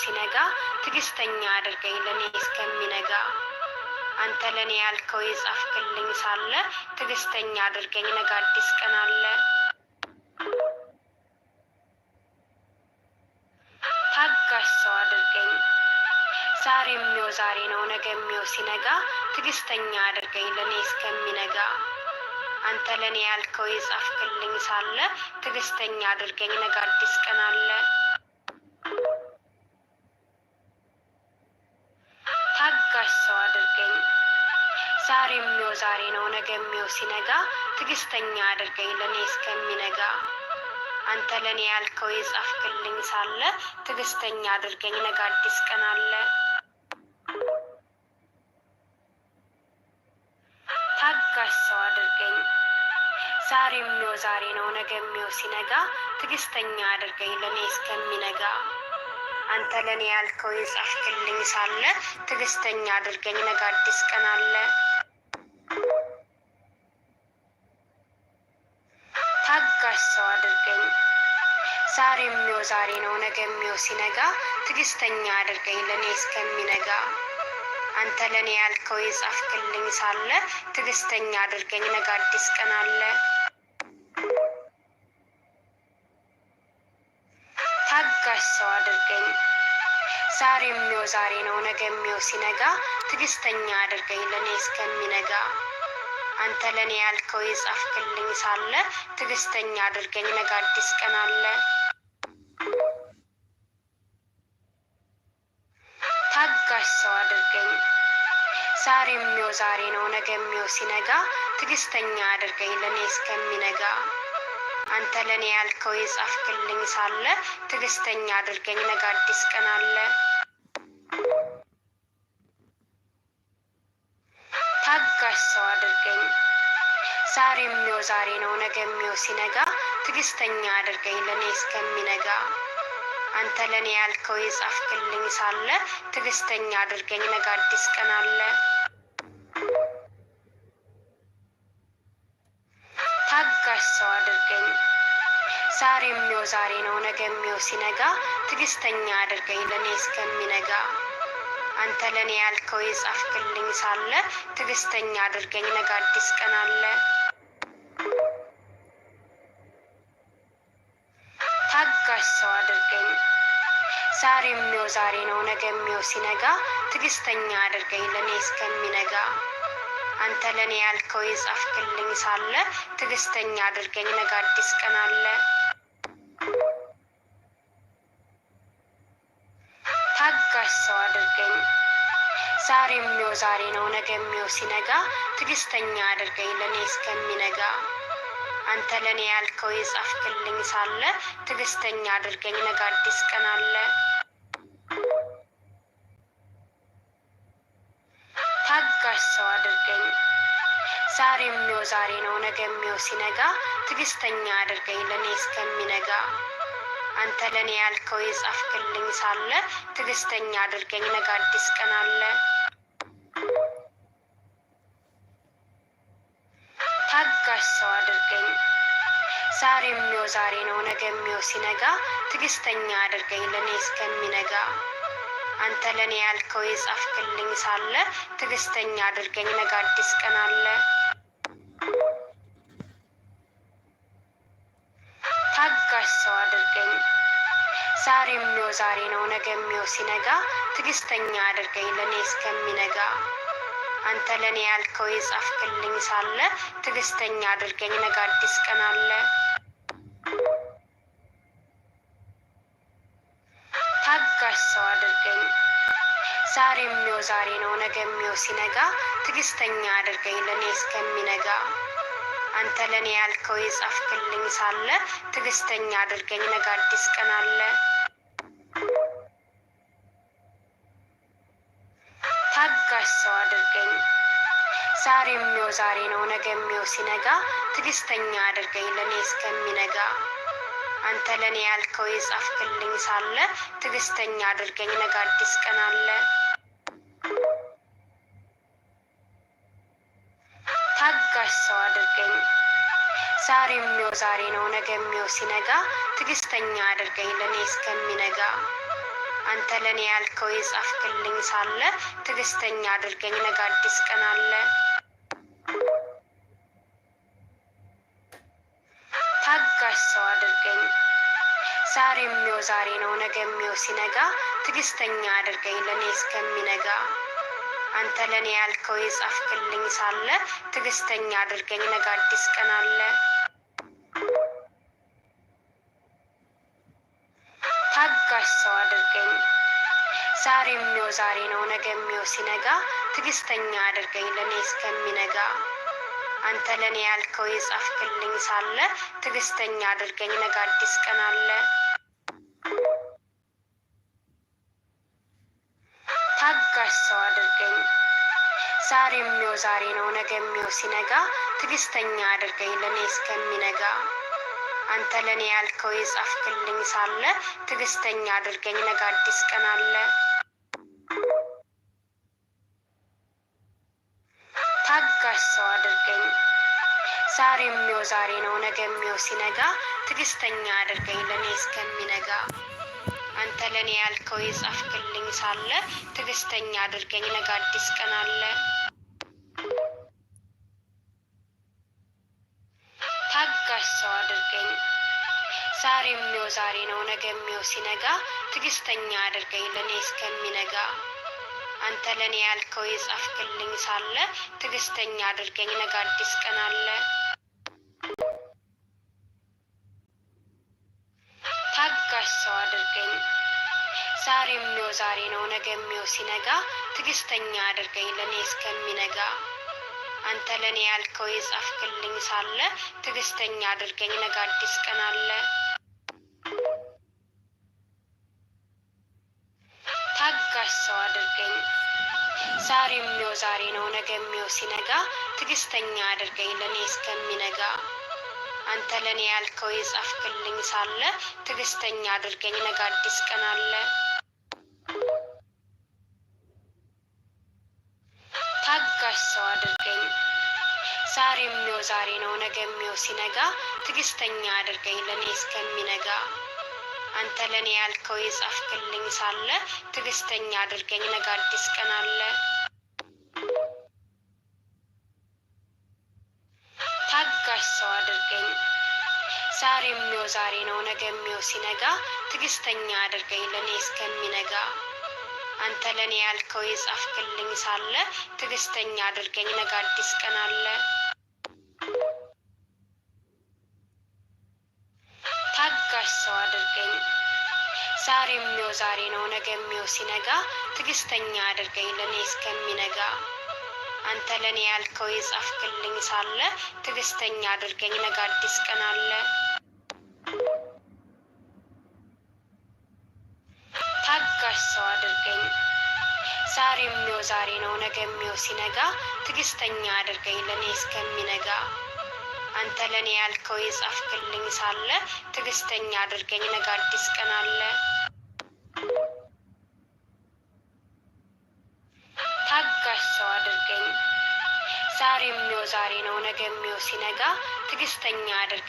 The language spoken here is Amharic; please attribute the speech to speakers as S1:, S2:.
S1: ሲነጋ ትግስተኛ አድርገኝ ለእኔ እስከሚነጋ አንተ ለእኔ ያልከው የጻፍክልኝ ሳለ ትግስተኛ አድርገኝ ነገ አዲስ ቀን አለ። ታጋሽ ሰው አድርገኝ ዛሬ የሚው ዛሬ ነው ነገ የሚው ሲነጋ ትግስተኛ አድርገኝ ለእኔ እስከሚነጋ አንተ ለእኔ ያልከው የጻፍክልኝ ሳለ ትግስተኛ አድርገኝ ነገ አዲስ ቀን አለ። ገሚው ሲነጋ ትግስተኛ አድርገኝ ለእኔ እስከሚነጋ አንተ ለእኔ ያልከው የጻፍክልኝ ሳለ ትግስተኛ አድርገኝ ነጋ አዲስ ቀን አለ። ታጋሽ ሰው አድርገኝ ዛሬ የሚው ዛሬ ነው ነገ የሚው ሲነጋ ትግስተኛ አድርገኝ ለእኔ እስከሚነጋ አንተ ለእኔ ያልከው የጻፍክልኝ ሳለ ትግስተኛ አድርገኝ ነጋ አዲስ ቀን አለ። ሰው አድርገኝ። ዛሬ የሚው ዛሬ ነው፣ ነገ የሚው ሲነጋ ትዕግስተኛ አድርገኝ ለእኔ እስከሚነጋ። አንተ ለእኔ ያልከው የጻፍክልኝ ሳለ ትዕግስተኛ አድርገኝ፣ ነገ አዲስ ቀን አለ። ታጋሽ ሰው አድርገኝ። ዛሬ የሚው ዛሬ ነው፣ ነገ የሚው ሲነጋ ትዕግስተኛ አድርገኝ ለእኔ እስከሚነጋ አንተ ለእኔ ያልከው የጻፍክልኝ ሳለ ትዕግስተኛ አድርገኝ፣ ነገ አዲስ ቀን አለ። ታጋሽ ሰው አድርገኝ። ዛሬ የሚው ዛሬ ነው፣ ነገ የሚው ሲነጋ፣ ትዕግስተኛ አድርገኝ ለእኔ እስከሚነጋ። አንተ ለእኔ ያልከው የጻፍክልኝ ሳለ ትዕግስተኛ አድርገኝ፣ ነገ አዲስ ቀን አለ። ርካሽ ሰው አድርገኝ። ዛሬ የሚው ዛሬ ነው፣ ነገ የሚው ሲነጋ ትዕግስተኛ አድርገኝ ለእኔ እስከሚነጋ። አንተ ለእኔ ያልከው የጻፍክልኝ ሳለ ትዕግስተኛ አድርገኝ፣ ነገ አዲስ ቀን አለ። ታጋሽ ሰው አድርገኝ። ዛሬ የሚው ዛሬ ነው፣ ነገ የሚው ሲነጋ ትዕግስተኛ አድርገኝ ለእኔ እስከሚነጋ አንተ ለእኔ ያልከው የጻፍክልኝ ሳለ ትዕግስተኛ አድርገኝ፣ ነገ አዲስ ቀን አለ። ታጋሽ ሰው አድርገኝ። ዛሬ የሚው ዛሬ ነው፣ ነገ የሚው ሲነጋ፣ ትዕግስተኛ አድርገኝ ለእኔ እስከሚነጋ አንተ ለእኔ ያልከው የጻፍክልኝ ሳለ ትዕግስተኛ አድርገኝ ነገ አዲስ ቀን አለ። ዛሬ የሚው ዛሬ ነው፣ ነገ የሚው ሲነጋ ትግስተኛ አድርገኝ ለእኔ እስከሚነጋ። አንተ ለእኔ ያልከው የጻፍክልኝ ሳለ ትግስተኛ አድርገኝ ነገ አዲስ ቀን አለ። ታጋሽ ሰው አድርገኝ ዛሬ የሚው ዛሬ ነው፣ ነገ የሚው ሲነጋ ትግስተኛ አድርገኝ ለእኔ እስከሚነጋ አንተ ለእኔ ያልከው የጻፍክልኝ ሳለ ትዕግስተኛ አድርገኝ፣ ነገ አዲስ ቀን አለ። ታጋሽ ሰው አድርገኝ። ዛሬ የሚው ዛሬ ነው፣ ነገ የሚው ሲነጋ፣ ትዕግስተኛ አድርገኝ ለእኔ እስከሚነጋ። አንተ ለእኔ ያልከው የጻፍክልኝ ሳለ ትዕግስተኛ አድርገኝ፣ ነገ አዲስ ቀን አለ። የምደርስ ሰው አድርገኝ። ዛሬ የሚው ዛሬ ነው፣ ነገ የሚው ሲነጋ ትዕግስተኛ አድርገኝ ለእኔ እስከሚነጋ። አንተ ለእኔ ያልከው የጻፍክልኝ ሳለ ትዕግስተኛ አድርገኝ፣ ነገ አዲስ ቀን አለ። ታጋሽ ሰው አድርገኝ። ዛሬ የሚው ዛሬ ነው፣ ነገ የሚው ሲነጋ ትዕግስተኛ አድርገኝ ለእኔ እስከሚነጋ አንተ ለእኔ ያልከው የጻፍክልኝ ሳለ ትዕግስተኛ አድርገኝ፣ ነገ አዲስ ቀን አለ። ታጋሽ ሰው አድርገኝ። ዛሬ የሚው ዛሬ ነው፣ ነገ የሚው ሲነጋ፣ ትዕግስተኛ አድርገኝ ለእኔ እስከሚነጋ። አንተ ለእኔ ያልከው የጻፍክልኝ ሳለ ትዕግስተኛ አድርገኝ፣ ነገ አዲስ ቀን አለ። የሚው ዛሬ ነው ነገ የሚው ሲነጋ ትግስተኛ አድርገኝ ለእኔ እስከሚነጋ አንተ ለእኔ ያልከው የጻፍክልኝ ሳለ ትግስተኛ አድርገኝ ነገ አዲስ ቀን አለ። ታጋሽ ሰው አድርገኝ ዛሬ የሚው ዛሬ ነው ነገ የሚው ሲነጋ ትግስተኛ አድርገኝ ለእኔ እስከሚነጋ አንተ ለእኔ ያልከው የጻፍክልኝ ሳለ ትግስተኛ አድርገኝ ነገ አዲስ ቀን አለ። የሷች ሰው አድርገኝ። ዛሬ የሚው ዛሬ ነው፣ ነገ የሚው ሲነጋ ትዕግስተኛ አድርገኝ ለእኔ እስከሚነጋ። አንተ ለእኔ ያልከው የጻፍክልኝ ሳለ ትዕግስተኛ አድርገኝ፣ ነገ አዲስ ቀን አለ። ታጋሽ ሰው አድርገኝ። ዛሬ የሚው ዛሬ ነው፣ ነገ የሚው ሲነጋ ትዕግስተኛ አድርገኝ ለእኔ እስከሚነጋ አንተ ለእኔ ያልከው የጻፍክልኝ ሳለ ትዕግስተኛ አድርገኝ፣ ነገ አዲስ ቀን አለ። ታጋሽ ሰው አድርገኝ። ዛሬ የሚው ዛሬ ነው፣ ነገ የሚው ሲነጋ፣ ትዕግስተኛ አድርገኝ ለእኔ እስከሚነጋ። አንተ ለእኔ ያልከው የጻፍክልኝ ሳለ ትዕግስተኛ አድርገኝ፣ ነገ አዲስ ቀን አለ። ታጋሽ ሰው አድርገኝ። ዛሬ የሚው ዛሬ ነው፣ ነገ የሚው ሲነጋ ትዕግስተኛ አድርገኝ ለእኔ እስከሚነጋ። አንተ ለእኔ ያልከው የጻፍክልኝ ሳለ ትዕግስተኛ አድርገኝ፣ ነገ አዲስ ቀን አለ። ታጋሽ ሰው አድርገኝ። ዛሬ የሚው ዛሬ ነው፣ ነገ የሚው ሲነጋ ትግስተኛ አድርገኝ ለእኔ እስከሚነጋ አንተ ለእኔ ያልከው የጻፍክልኝ ሳለ ትግስተኛ አድርገኝ ነገ አዲስ ቀን አለ ታጋሽ ሰው አድርገኝ ዛሬ የሚው ዛሬ ነው ነገ የሚው ሲነጋ ትግስተኛ አድርገኝ ለእኔ እስከሚነጋ አንተ ለእኔ ያልከው የጻፍክልኝ ሳለ ትዕግስተኛ አድርገኝ፣ ነገ አዲስ ቀን አለ። ታጋሽ ሰው አድርገኝ። ዛሬ የሚው ዛሬ ነው፣ ነገ የሚው ሲነጋ፣ ትዕግስተኛ አድርገኝ ለእኔ እስከሚነጋ። አንተ ለእኔ ያልከው የጻፍክልኝ ሳለ ትዕግስተኛ አድርገኝ፣ ነገ አዲስ ቀን አለ። ዛሬ ነው ነገ የሚው ሲነጋ ትግስተኛ አድርገኝ ለእኔ እስከሚነጋ አንተ ለእኔ ያልከው የጻፍክልኝ ሳለ ትግስተኛ አድርገኝ ነገ አዲስ ቀን አለ። ታጋሽ ሰው አድርገኝ ዛሬ የሚው ዛሬ ነው ነገ የሚው ሲነጋ ትግስተኛ አድርገኝ ለእኔ እስከሚነጋ አንተ ለእኔ ያልከው የጻፍክልኝ ሳለ ትግስተኛ አድርገኝ ነገ አዲስ ቀን አለ። ታጋሽ ሰው አድርገኝ። ዛሬ የሚው ዛሬ ነው፣ ነገ የሚው ሲነጋ ትዕግስተኛ አድርገኝ ለእኔ እስከሚነጋ። አንተ ለእኔ ያልከው የጻፍክልኝ ሳለ ትዕግስተኛ አድርገኝ፣ ነገ አዲስ ቀን አለ። ታጋሽ ሰው አድርገኝ። ዛሬ የሚው ዛሬ ነው፣ ነገ የሚው ሲነጋ ትዕግስተኛ አድርገኝ ለእኔ እስከሚነጋ አንተ ለእኔ ያልከው የጻፍክልኝ ሳለ ትዕግስተኛ አድርገኝ፣ ነገ አዲስ ቀን አለ። ታጋሽ ሰው አድርገኝ። ዛሬ የሚው ዛሬ ነው፣ ነገ የሚው ሲነጋ ትዕግስተኛ አድርገኝ።